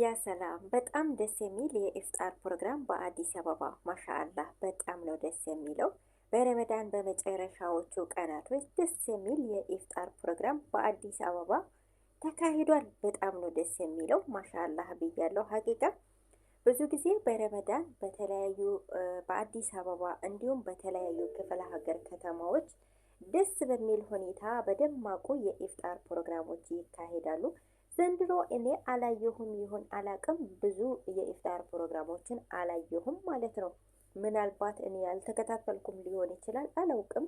ያ ሰላም በጣም ደስ የሚል የኢፍጣር ፕሮግራም በአዲስ አበባ ማሻአላህ በጣም ነው ደስ የሚለው። በረመዳን በመጨረሻዎቹ ቀናቶች ደስ የሚል የኢፍጣር ፕሮግራም በአዲስ አበባ ተካሂዷል። በጣም ነው ደስ የሚለው ማሻአላህ ብያለው። ሀቂቃ ብዙ ጊዜ በረመዳን በተለያዩ በአዲስ አበባ እንዲሁም በተለያዩ ክፍለ ሀገር ከተማዎች ደስ በሚል ሁኔታ በደማቁ የኢፍጣር ፕሮግራሞች ይካሄዳሉ። ዘንድሮ እኔ አላየሁም ይሁን አላቅም፣ ብዙ የኢፍጣር ፕሮግራሞችን አላየሁም ማለት ነው። ምናልባት እኔ ያልተከታተልኩም ሊሆን ይችላል፣ አላውቅም።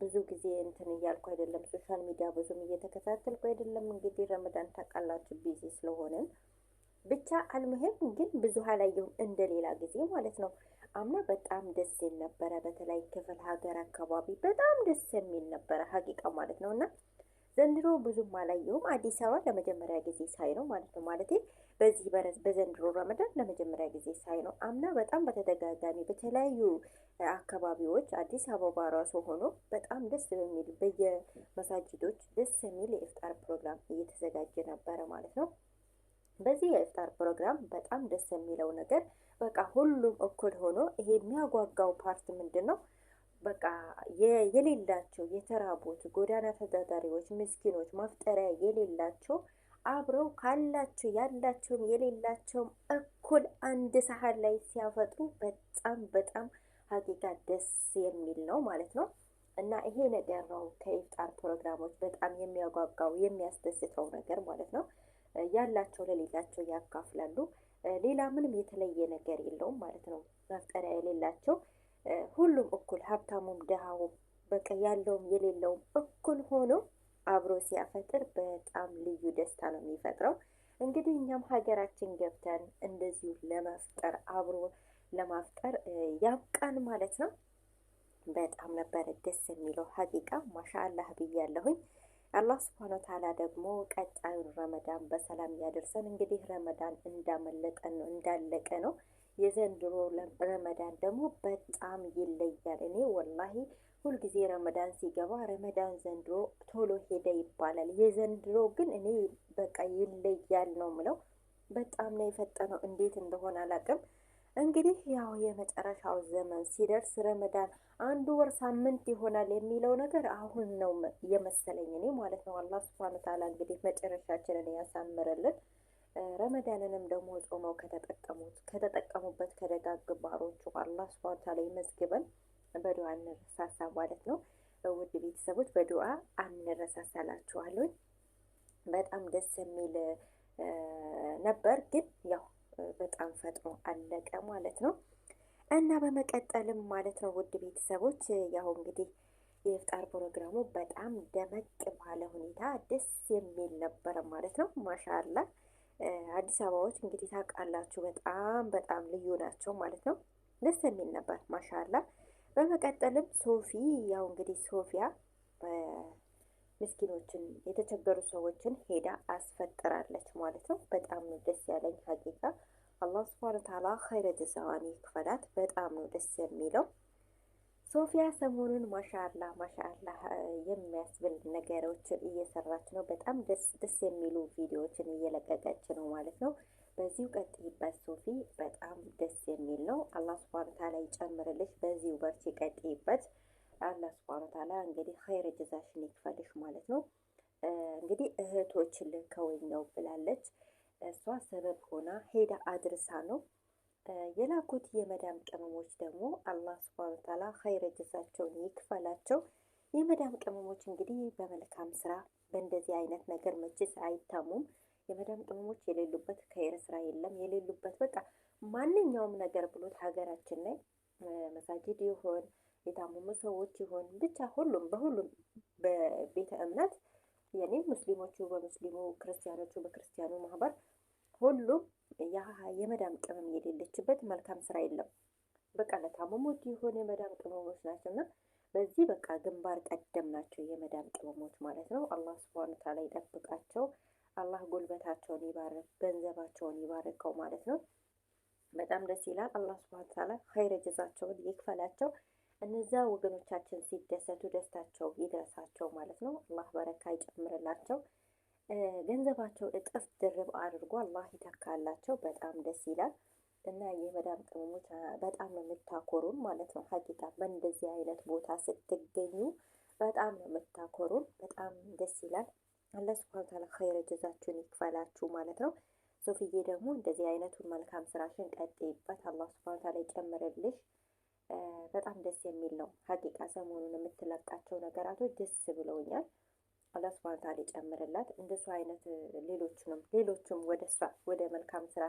ብዙ ጊዜ እንትን እያልኩ አይደለም፣ ሶሻል ሚዲያ ብዙም እየተከታተልኩ አይደለም። እንግዲህ ረመዳን ታውቃላችሁ፣ ቢዚ ስለሆንን ብቻ አልምህም፣ ግን ብዙ አላየሁም እንደሌላ ጊዜ ማለት ነው። አምና በጣም ደስ የሚል ነበረ። በተለይ ክፍል ሀገር አካባቢ በጣም ደስ የሚል ነበረ ሀቂቃ ማለት ነው እና ዘንድሮ ብዙም አላየሁም። አዲስ አበባ ለመጀመሪያ ጊዜ ሳይ ነው ማለት ነው። ማለት በዚህ በዘንድሮ ረመዳን ለመጀመሪያ ጊዜ ሳይ ነው። አምና በጣም በተደጋጋሚ በተለያዩ አካባቢዎች አዲስ አበባ ራሱ ሆኖ በጣም ደስ በሚል በየመሳጅዶች ደስ የሚል የኢፍጣር ፕሮግራም እየተዘጋጀ ነበረ ማለት ነው። በዚህ የኢፍጣር ፕሮግራም በጣም ደስ የሚለው ነገር በቃ ሁሉም እኩል ሆኖ ይሄ የሚያጓጓው ፓርት ምንድን ነው? በቃ የሌላቸው የተራቦት ጎዳና ተዳዳሪዎች፣ ምስኪኖች፣ መፍጠሪያ የሌላቸው አብረው ካላቸው ያላቸውም የሌላቸውም እኩል አንድ ሳህን ላይ ሲያፈጥሩ በጣም በጣም ሀቂቃ ደስ የሚል ነው ማለት ነው። እና ይሄ ነገር ነው ከኢፍጣር ፕሮግራሞች በጣም የሚያጓጓው የሚያስደስተው ነገር ማለት ነው። ያላቸው ለሌላቸው ያካፍላሉ። ሌላ ምንም የተለየ ነገር የለውም ማለት ነው። መፍጠሪያ የሌላቸው ሁሉም እኩል ሀብታሙም ድሃውም በቃ ያለውም የሌለውም እኩል ሆኖ አብሮ ሲያፈጥር በጣም ልዩ ደስታ ነው የሚፈጥረው። እንግዲህ እኛም ሀገራችን ገብተን እንደዚሁ ለመፍጠር አብሮ ለማፍጠር ያብቃን ማለት ነው። በጣም ነበረ ደስ የሚለው ሀቂቃ ማሻአላህ ብያለሁኝ። አላህ ስብሐነ ወተዓላ ደግሞ ቀጣዩን ረመዳን በሰላም ያደርሰን። እንግዲህ ረመዳን እንዳመለጠን ነው እንዳለቀ ነው። የዘንድሮ ረመዳን ደግሞ በጣም ይለያል። እኔ ወላሂ ሁልጊዜ ረመዳን ሲገባ ረመዳን ዘንድሮ ቶሎ ሄደ ይባላል። የዘንድሮ ግን እኔ በቃ ይለያል ነው ምለው። በጣም ነው የፈጠነው፣ እንዴት እንደሆነ አላቅም። እንግዲህ ያው የመጨረሻው ዘመን ሲደርስ ረመዳን አንዱ ወር ሳምንት ይሆናል የሚለው ነገር አሁን ነው የመሰለኝ እኔ ማለት ነው። አላህ ሱብሃነሁ ወተዓላ እንግዲህ መጨረሻችንን ያሳምርልን። ረመዳንንም ደግሞ ጾመው ከተጠቀሙት ከተጠቀሙበት ከደጋግ ባሮቹ አላህ ሱብሃነሁ ወተዓላ ይመዝግበን። በዱዓ እንረሳሳ ማለት ነው። ውድ ቤተሰቦች በዱዓ አንረሳሳላችኋለሁ። በጣም ደስ የሚል ነበር፣ ግን ያው በጣም ፈጥኖ አለቀ ማለት ነው እና በመቀጠልም ማለት ነው ውድ ቤተሰቦች ያው እንግዲህ የኢፍጣር ፕሮግራሙ በጣም ደመቅ ባለ ሁኔታ ደስ የሚል ነበር ማለት ነው ማሻአላህ አዲስ አበባዎች እንግዲህ ታውቃላችሁ፣ በጣም በጣም ልዩ ናቸው ማለት ነው። ደስ የሚል ነበር ማሻላ። በመቀጠልም ሶፊ ያው እንግዲህ ሶፊያ ምስኪኖችን የተቸገሩ ሰዎችን ሄዳ አስፈጥራለች ማለት ነው። በጣም ነው ደስ ያለኝ ሀቂቃ። አላህ ስብሃነ ተዓላ ኸይረ ጀዛዋን ይክፈላት። በጣም ነው ደስ የሚለው ሶፊያ ሰሞኑን ማሻላ ማሻላ የሚያስብል ነገሮችን እየሰራች ነው። በጣም ደስ ደስ የሚሉ ቪዲዮዎችን እየለቀቀች ነው ማለት ነው። በዚሁ ቀጥይበት ሶፊ፣ በጣም ደስ የሚል ነው። አላህ ሱብሃነሁ ወተዓላ ይጨምርልሽ። በዚሁ በርቺ፣ ቀጥይበት። አላህ ሱብሃነሁ ወተዓላ እንግዲህ ኸይር ጅዛሽን ይክፈልሽ ማለት ነው። እንግዲህ እህቶች ልከውኝ ነው ብላለች። እሷ ሰበብ ሆና ሄዳ አድርሳ ነው የላኩት የመዳም ቅመሞች ደግሞ አላህ ስብሃነ ወተዓላ ኸይረ ጀዛቸውን ይክፈላቸው። የመዳም ቅመሞች እንግዲህ በመልካም ስራ በእንደዚህ አይነት ነገር መችስ አይታሙም። የመዳም ቅመሞች የሌሉበት ከይረ ስራ የለም። የሌሉበት በቃ ማንኛውም ነገር ብሎት ሀገራችን ላይ መሳጅድ ይሆን የታመሙ ሰዎች ይሆን ብቻ ሁሉም በሁሉም በቤተ እምነት የኔ ሙስሊሞቹ በሙስሊሙ ክርስቲያኖቹ በክርስቲያኑ ማህበር ሁሉም የመዳም ቅመም የሌለችበት መልካም ስራ የለም። በቃ ለታመሞች የሆነ የመዳም ቅመሞች ናቸው እና በዚህ በቃ ግንባር ቀደም ናቸው የመዳም ቅመሞች ማለት ነው። አላህ ስብሃነ ተዓላ ይጠብቃቸው። አላህ ጉልበታቸውን ይባርክ፣ ገንዘባቸውን ይባርከው ማለት ነው። በጣም ደስ ይላል። አላህ ስብሃነ ተዓላ ኸይረ ጀዛቸውን ይክፈላቸው። እነዚያ ወገኖቻችን ሲደሰቱ ደስታቸው ይድረሳቸው ማለት ነው። አላህ በረካ ይጨምርላቸው። ገንዘባቸው እጥፍ ድርብ አድርጎ አላህ ይተካላቸው። በጣም ደስ ይላል። እና የመዳም ቅመሞች በጣም ነው የምታኮሩን ማለት ነው። ሀቂቃ በእንደዚህ አይነት ቦታ ስትገኙ በጣም ነው የምታኮሩን። በጣም ደስ ይላል። አላህ ሱብሃነሁ ወተዓላ ኸይረ ጀዛችሁን ይክፈላችሁ ማለት ነው። ሶፊዬ ደግሞ እንደዚህ አይነቱን መልካም ስራሽን ቀጥይበት፣ አላህ ሱብሃነሁ ወተዓላ ይጨምርልሽ። በጣም ደስ የሚል ነው ሀቂቃ። ሰሞኑን የምትለቃቸው ነገራቶች ደስ ብለውኛል። አላህ ሱብሃነሁ ወተዓላ ይጨምርላት። እንደሱ አይነት ሌሎቹንም ሌሎቹም ወደ እሷ ወደ መልካም ስራ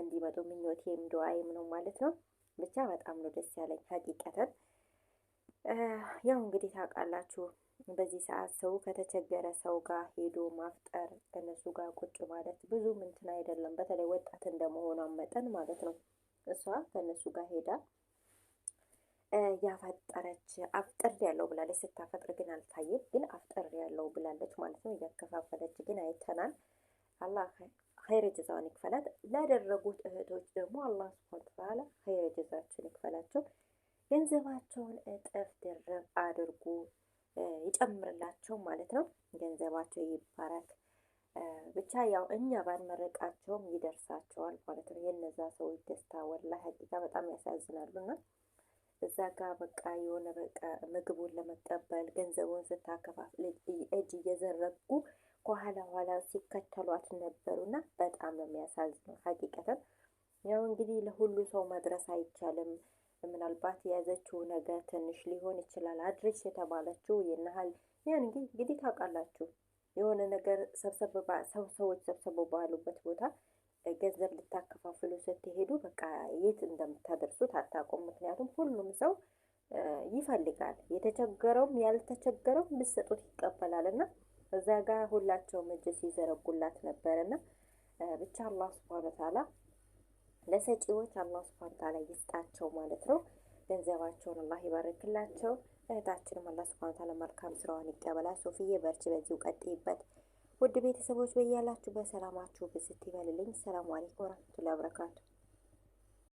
እንዲመጡ ምኞቴም ዱዓዬም ነው ማለት ነው። ብቻ በጣም ነው ደስ ያለኝ ሀቂቀተን። ያው እንግዲህ ታውቃላችሁ በዚህ ሰዓት ሰው ከተቸገረ ሰው ጋር ሄዶ ማፍጠር ከነሱ ጋር ቁጭ ማለት ብዙም እንትን አይደለም። በተለይ ወጣት እንደመሆኗ መጠን ማለት ነው እሷ ከነሱ ጋር ሄዳ ያፈጠረች አፍጠር ያለው ብላለች። ስታፈጥር ግን አልታየም፣ ግን አፍጠር ያለው ብላለች ማለት ነው። እያከፋፈለች ግን አይተናል። አላህ ኸይረ ጀዛውን ይክፈላት። ላደረጉት እህቶች ደግሞ አላህ ስብሐነ ወተዓላ ኸይረ ጀዛቸውን ይክፈላቸው። ገንዘባቸውን እጥፍ ድርብ አድርጉ ይጨምርላቸው ማለት ነው። ገንዘባቸው ይባረክ። ብቻ ያው እኛ ባንመረቃቸውም ይደርሳቸዋል ማለት ነው። የነዛ ሰዎች ደስታ ወላሂ ሀቂቃ በጣም ያሳዝናሉና እዛ ጋ በቃ የሆነ በቃ ምግቡን ለመቀበል ገንዘቡን ስታከፋፍል እጅ እየዘረጉ ከኋላ ኋላ ሲከተሏት እና በጣም የሚያሳዝነው። ሀቂቀትን ያው እንግዲህ ለሁሉ ሰው መድረስ አይቻልም። ምናልባት የያዘችው ነገር ትንሽ ሊሆን ይችላል። አድሬስ የተባለችው ይናሃል ያን እንግዲህ ታውቃላችሁ የሆነ ነገር ሰብሰብ ሰው ሰዎች ሰብሰቡ ባሉበት ቦታ ገንዘብ ልታከፋፍሉ ስትሄዱ በቃ የት እንደምታደርሱት አታውቁም። ምክንያቱም ሁሉም ሰው ይፈልጋል የተቸገረውም ያልተቸገረውም ልሰጡት ይቀበላል እና እዛ ጋር ሁላቸውም እጅ ሲዘረጉላት ነበርና ብቻ አላህ ስብሃነ ተዓላ ለሰጪዎች አላህ ስብሃነ ተዓላ ይስጣቸው ማለት ነው። ገንዘባቸውን አላህ ይባርክላቸው። እህታችንም አላህ ስብሃነ ተዓላ መልካም ስራዋን ይቀበላል። ሶፊዬ በርቺ፣ በዚሁ ቀጥይበት። ውድ ቤተሰቦች በያላችሁ በሰላማችሁ ብዝት ይበልልኝ። ሰላም አለይኩም ወረህመቱላሂ ወበረካቱ